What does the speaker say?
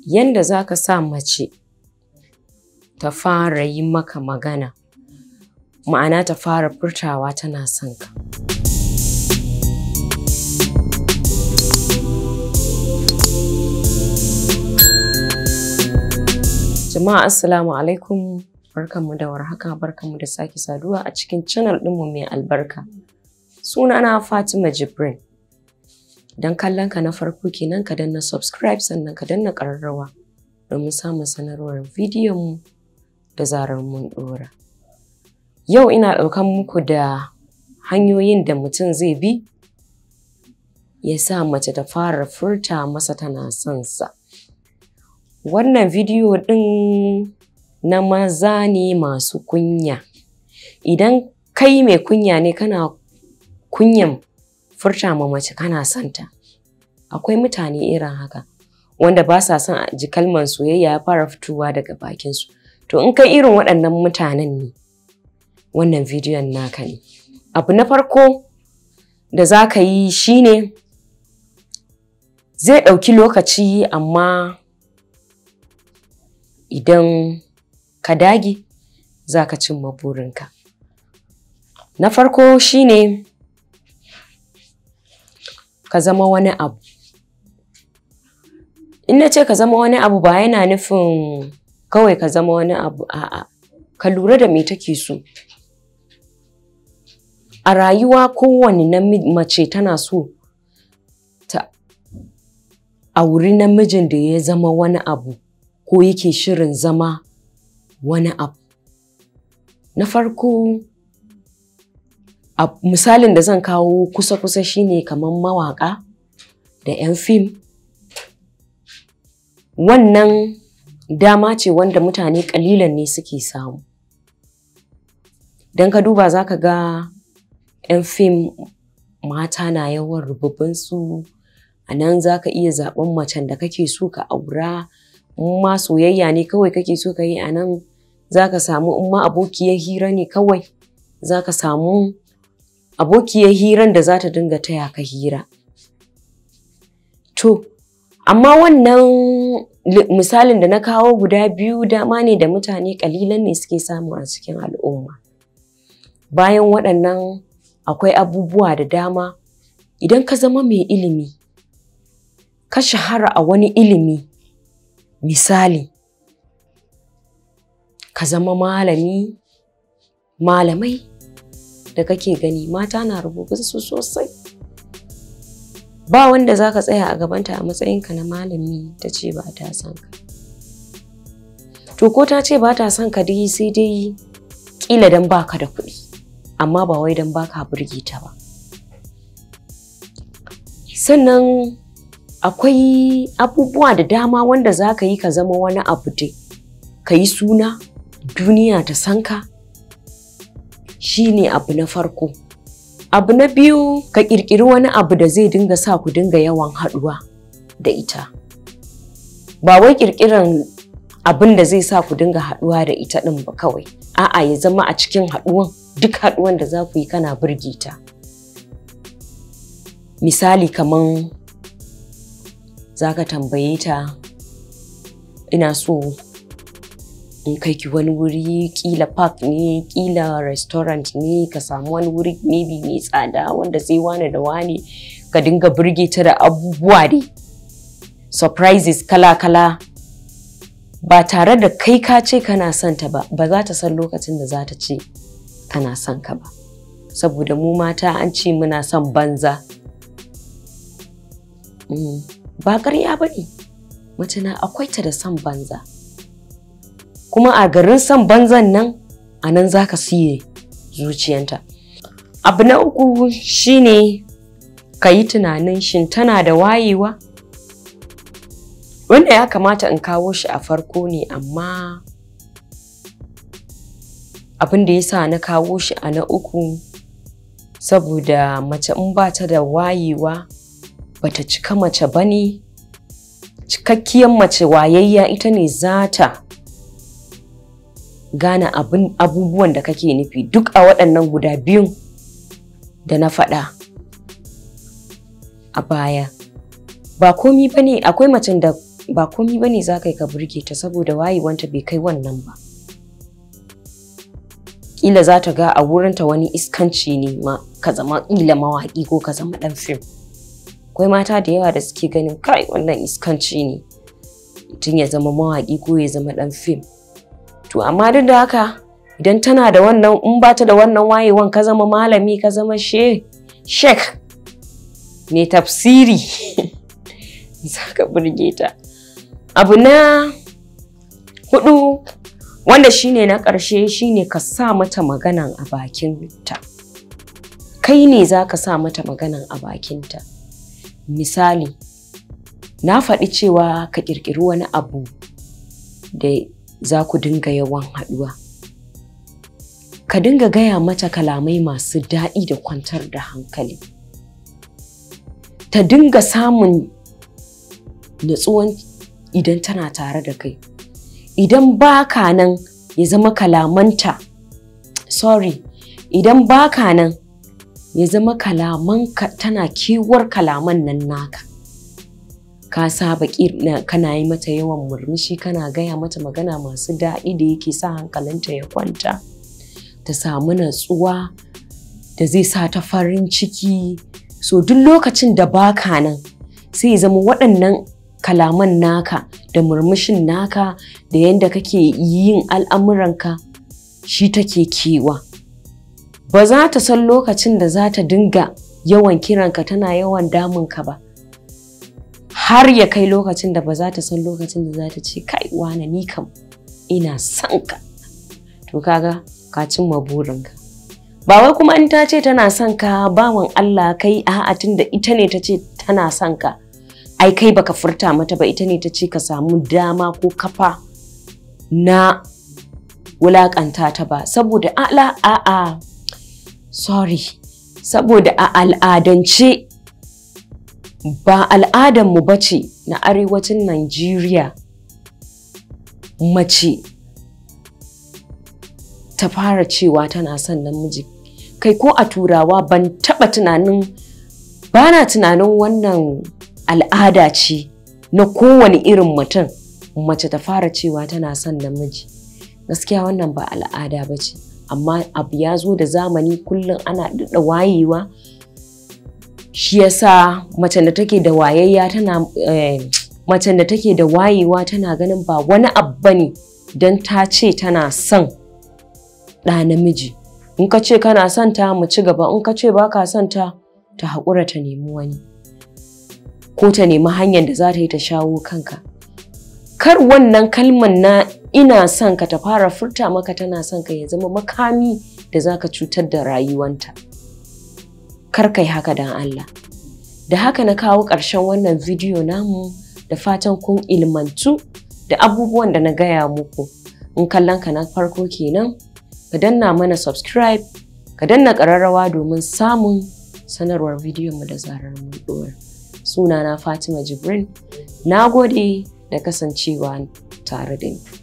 yanda za ka sa mace ta fara yi maka magana ma'ana ta fara furtawa tana son ka. Jama'a Assalamu alaikum barkanmu da warhaka barkanmu da sake saduwa a cikin channel ɗinmu mai albarka. Sunana Fatima jibril Don kallon ka na farko kenan ka danna subscribe sannan ka danna ƙararrawa domin samun sanarwar bidiyon mu da zarar mun ɗora. Yau ina ɗaukan muku da hanyoyin da mutum zai bi ya sa mace ta fara furta masa tana son sa. Wannan bidiyo ɗin na maza ne masu kunya. Idan kai mai kunya ne kana kunyan furta ma mace kana santa akwai mutane irin haka wanda ba sa son ji kalmar soyayya ya fara fitowa daga bakinsu to in kai irin waɗannan mutanen ne wannan bidiyon naka ne abu na farko da za ka yi shine zai ɗauki lokaci amma idan ka dage za ka cimma burinka na farko shine ka zama wani abu in na ce ka zama wani abu ba yana nufin kawai ka zama wani abu a'a ka lura da me take so a rayuwa kowane mace tana so ta a auri namijin da ya zama wani abu ko yake shirin zama wani abu na farko misalin da zan kawo kusa-kusa shine kamar mawaka da 'yan fim wannan dama ce wanda mutane kalilan ne suke samu don ka duba za ka ga 'yan fim mata na yawan rububinsu a nan za ka iya zaɓen macen da kake so ka aura in ma soyayya ne kawai kake so ka yi a nan za ka samu in ma abokiyar hira ne kawai za ka samu abokiyar hiran da za ta dinga taya ka hira. To, amma wannan misalin da na kawo guda biyu dama ne da mutane kalilan ne suke samu a cikin al'umma. Bayan waɗannan akwai abubuwa da dama idan ka zama mai ilimi, ka shahara a wani ilimi, misali, ka zama malami, malamai da kake gani mata na rubuta su sosai ba wanda zaka tsaya a gabanta a matsayinka na malami ta ce ba ta san ka to ko ta ce ba ta son ka dai sai dai kila dan baka da kuɗi amma ba wai dan baka burge ta ba sannan akwai abubuwa da dama wanda za ka yi ka zama wani abu dai ka yi suna duniya ta san ka shine abu na farko abu na biyu ka ƙirƙiri wani abu da zai dinga sa ku dinga yawan haɗuwa da ita ba wai ƙirƙiran abin da zai sa ku dinga haɗuwa da ita ɗin ba kawai a'a ya zama a cikin haɗuwan duk haɗuwan da za ku yi kana birge ta misali kaman za ka tambaye ta ina so in kai ki wani wuri kila park ne kila restaurant ne ka samu wani wuri maybe mai tsada wanda sai wani da wani ka dinga birge ta da abubuwa dai surprises kala-kala ba tare da kai ka ce kana son ta ba ba za ta san lokacin da za ta ce kana son ka ba saboda mu mata an ce muna son banza mm, ba ƙarya ba ne mace na akwai ta da son banza kuma a garin san banzan nan a nan za ka siye zuciyanta abu na uku shine ka yi tunanin shin tana da wayewa wanda ya kamata in kawo shi a farko ne amma abin da ya sa na kawo shi a na uku saboda mace in ba ta da wayewa bata cika mace ba ne cikakkiyar mace wayayya ita ne za ta gane abubuwan da kake nufi duk a waɗannan guda biyun da na faɗa a baya ba komi ba ne akwai macen da ba komi ba ne za ka yi ka burge ta saboda wayewanta bai kai wannan ba ƙila za ta ga a wurinta wani iskanci ne ma ka zama ƙila mawaƙi ko ka zama ɗan fim akwai mata da yawa da suke ganin kai wannan iskanci ne tun ya zama mawaƙi ko ya zama ɗan fim to amma duk da haka idan tana da wannan in ba ta da wannan wayewan ka zama malami ka zama shek mai tafsiri za ka burge ta abu na hudu wanda shine na ƙarshe shine ka sa mata maganan a bakinta kai ne za ka sa mata maganan a bakinta misali na faɗi cewa ka ƙirƙiri wani abu da za ku dinga yawan haɗuwa. Ka dinga gaya mata kalamai masu daɗi da kwantar da hankali. Ta dinga samun natsuwan idan tana tare da kai. Idan baka nan ya zama kalamanta, sorry, idan baka nan ya zama kalamanka tana kewar kalaman nan naka. ka saba kana yi mata yawan murmushi kana gaya mata magana masu daɗi da yake sa hankalinta ya kwanta ta samu natsuwa da zai sa ta farin ciki so duk lokacin da baka nan sai zama waɗannan kalaman naka da murmushin naka da yadda kake yin al'amuranka shi take kewa ba za ta san lokacin da za ta dinga yawan kiranka tana yawan damunka ba har ya kai lokacin da ba za ta san lokacin da za ta ce kai wane ni kam ina son ka to kaga ka cimma burinka ba wai kuma in ta ce tana son ka bawan Allah kai a'a tunda ita ne ta ce tana son ka ai kai baka furta mata ba ita ne ta ce ka samu dama ko kafa na wulakanta ta ba saboda a'a sorry saboda a al'adance ba al'adanmu ba ce na arewacin Najeriya mace ta fara cewa tana son namiji kai ko a turawa ban taba tunanin ba na tunanin wannan al'ada ce na kowane irin mutum mace ta fara cewa tana son namiji gaskiya wannan ba al'ada ba ce amma abu ya zo da zamani kullum ana daɗa wayewa shi yasa macen da take da wayayya tana eh, macen da take da wayewa tana ganin ba wani abu ne don ta ce tana son ɗa namiji in ka ce kana son ta mu ci gaba in ka ce ba ka son ta ta haƙura ta nemi wani ko ta nemi hanyar da za ta yi ta shawo kanka kar wannan kalmar na ina son ka ta fara furta maka tana son ka ya zama makami da za ka cutar da rayuwanta. kar yi haka don Allah da haka na kawo ƙarshen wannan bidiyo namu da fatan kun ilmantu da abubuwan da na gaya muku in kallon ka na farko kenan ka danna mana subscribe ka danna ƙararrawa domin samun sanarwar mu da zarar mun Suna sunana fatima jibrin na gode da kasancewa tare da ni